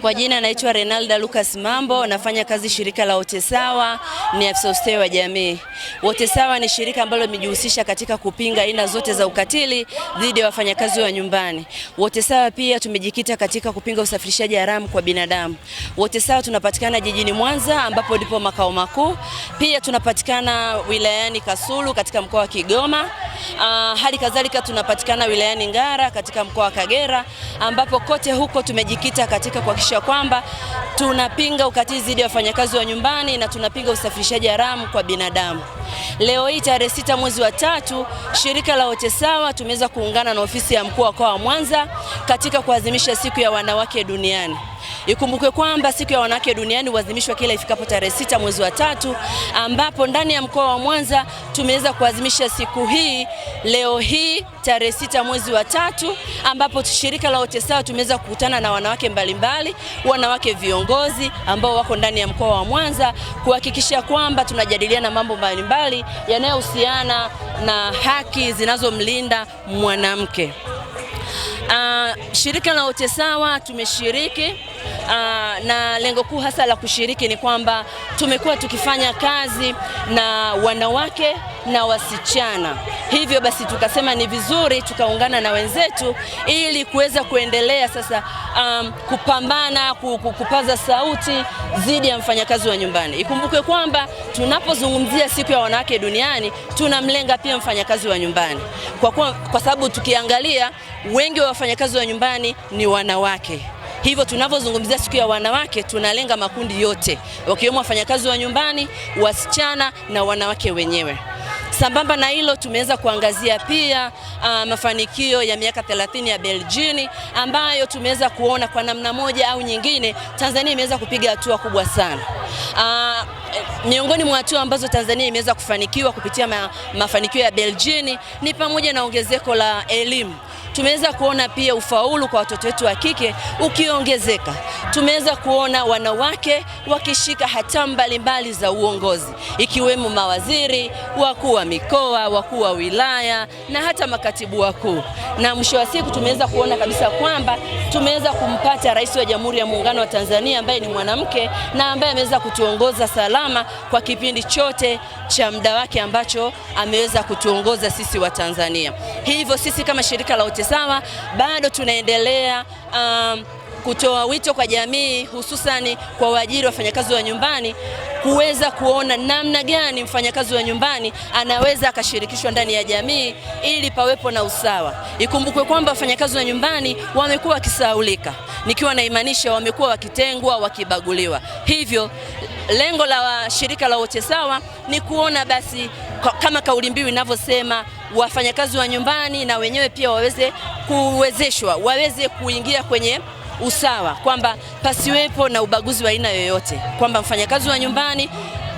Kwa jina naitwa Renalda Lucas Mambo, nafanya kazi shirika la Wote Sawa, ni afisa ustawi wa jamii. Wote Sawa ni shirika ambalo limejihusisha katika kupinga aina zote za ukatili dhidi ya wafanyakazi wa nyumbani. Wote Sawa pia tumejikita katika kupinga usafirishaji haramu kwa binadamu. Wote Sawa tunapatikana jijini Mwanza ambapo ndipo makao makuu, pia tunapatikana wilayani Kasulu katika mkoa wa Kigoma. Uh, hali kadhalika tunapatikana wilayani Ngara katika mkoa wa Kagera ambapo kote huko tumejikita katika kuhakikisha kwamba tunapinga ukatili dhidi ya wafanyakazi wa nyumbani na tunapinga usafirishaji haramu kwa binadamu. Leo hii tarehe sita mwezi wa tatu, shirika la Wote Sawa tumeweza kuungana na ofisi ya mkuu wa mkoa wa Mwanza katika kuadhimisha siku ya wanawake duniani. Ikumbukwe kwamba siku ya wanawake duniani huadhimishwa kila ifikapo tarehe sita mwezi wa tatu, ambapo ndani ya mkoa wa Mwanza tumeweza kuadhimisha siku hii leo hii tarehe sita mwezi wa tatu, ambapo shirika la Wote Sawa tumeweza kukutana na wanawake mbalimbali mbali, wanawake viongozi ambao wako ndani ya mkoa wa Mwanza kuhakikisha kwamba tunajadiliana mambo mbalimbali yanayohusiana na haki zinazomlinda mwanamke. Uh, shirika la Wote Sawa tumeshiriki uh, na lengo kuu hasa la kushiriki ni kwamba tumekuwa tukifanya kazi na wanawake na wasichana, hivyo basi tukasema ni vizuri tukaungana na wenzetu ili kuweza kuendelea sasa, um, kupambana kupaza sauti dhidi ya mfanyakazi wa nyumbani. Ikumbukwe kwamba tunapozungumzia siku ya wanawake duniani tunamlenga pia mfanyakazi wa nyumbani kwa, kwa, kwa sababu tukiangalia wengi wa wafanyakazi wa nyumbani ni wanawake. Hivyo tunavyozungumzia siku ya wanawake, tunalenga makundi yote, wakiwemo wafanyakazi wa nyumbani, wasichana na wanawake wenyewe. Sambamba na hilo tumeweza kuangazia pia uh, mafanikio ya miaka 30 ya Beljini ambayo tumeweza kuona kwa namna moja au nyingine Tanzania imeweza kupiga hatua kubwa sana. Uh, miongoni mwa hatua ambazo Tanzania imeweza kufanikiwa kupitia ma, mafanikio ya Beljini ni pamoja na ongezeko la elimu Tumeweza kuona pia ufaulu kwa watoto wetu wa kike ukiongezeka. Tumeweza kuona wanawake wakishika hatamu mbalimbali za uongozi ikiwemo mawaziri, wakuu wa mikoa, wakuu wa wilaya na hata makatibu wakuu, na mwisho wa siku tumeweza kuona kabisa kwamba tumeweza kumpata Rais wa Jamhuri ya Muungano wa Tanzania ambaye ni mwanamke na ambaye ameweza kutuongoza salama kwa kipindi chote cha muda wake ambacho ameweza kutuongoza sisi wa Tanzania. Hivyo sisi kama shirika la sawa, bado tunaendelea um, kutoa wito kwa jamii hususani kwa waajiri wafanyakazi wa nyumbani kuweza kuona namna gani mfanyakazi wa nyumbani anaweza akashirikishwa ndani ya jamii ili pawepo na usawa. Ikumbukwe kwamba wafanyakazi wa nyumbani wamekuwa wakisahaulika, nikiwa naimaanisha wamekuwa wakitengwa, wakibaguliwa. Hivyo lengo la shirika la Wote Sawa ni kuona basi kama kauli mbiu inavyosema, wafanyakazi wa nyumbani na wenyewe pia waweze kuwezeshwa, waweze kuingia kwenye usawa, kwamba pasiwepo na ubaguzi wa aina yoyote, kwamba mfanyakazi wa nyumbani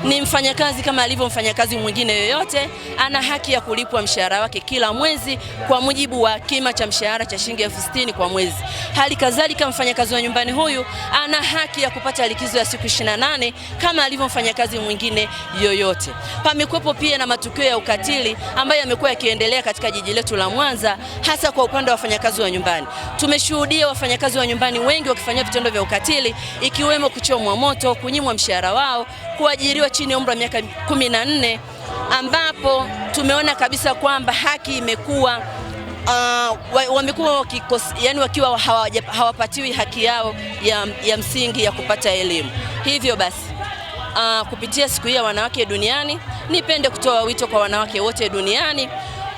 ni mfanyakazi kama alivyo mfanyakazi mwingine yoyote, ana haki ya kulipwa mshahara wake kila mwezi kwa mujibu wa kima cha mshahara cha shilingi elfu sitini kwa mwezi. Hali kadhalika mfanyakazi wa nyumbani huyu ana haki ya kupata likizo ya siku 28 kama alivyo mfanyakazi mwingine yoyote. Pamekuwepo pia na matukio ya ukatili ambayo yamekuwa yakiendelea katika jiji letu la Mwanza, hasa kwa upande wa wafanyakazi wa nyumbani. Tumeshuhudia wafanyakazi wa nyumbani wengi wakifanyia vitendo vya ukatili, ikiwemo kuchomwa moto, kunyimwa mshahara wao, kuajiriwa chini ya umri wa miaka kumi na nne ambapo tumeona kabisa kwamba haki imekuwa uh, wamekuwa yani wakiwa hawapatiwi haki yao ya, ya msingi ya kupata elimu. Hivyo basi uh, kupitia siku hii ya wanawake duniani, nipende kutoa wito kwa wanawake wote duniani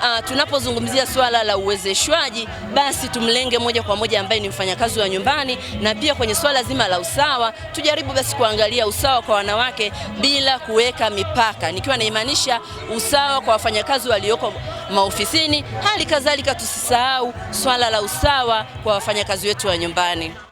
uh, tunapozungumzia swala la uwezeshwaji, basi tumlenge moja kwa moja ambaye ni mfanyakazi wa nyumbani, na pia kwenye swala zima la usawa tujaribu basi kuangalia usawa kwa wanawake bila kuweka mipaka, nikiwa naimaanisha usawa kwa wafanyakazi walioko maofisini. Hali kadhalika tusisahau swala la usawa kwa wafanyakazi wetu wa nyumbani.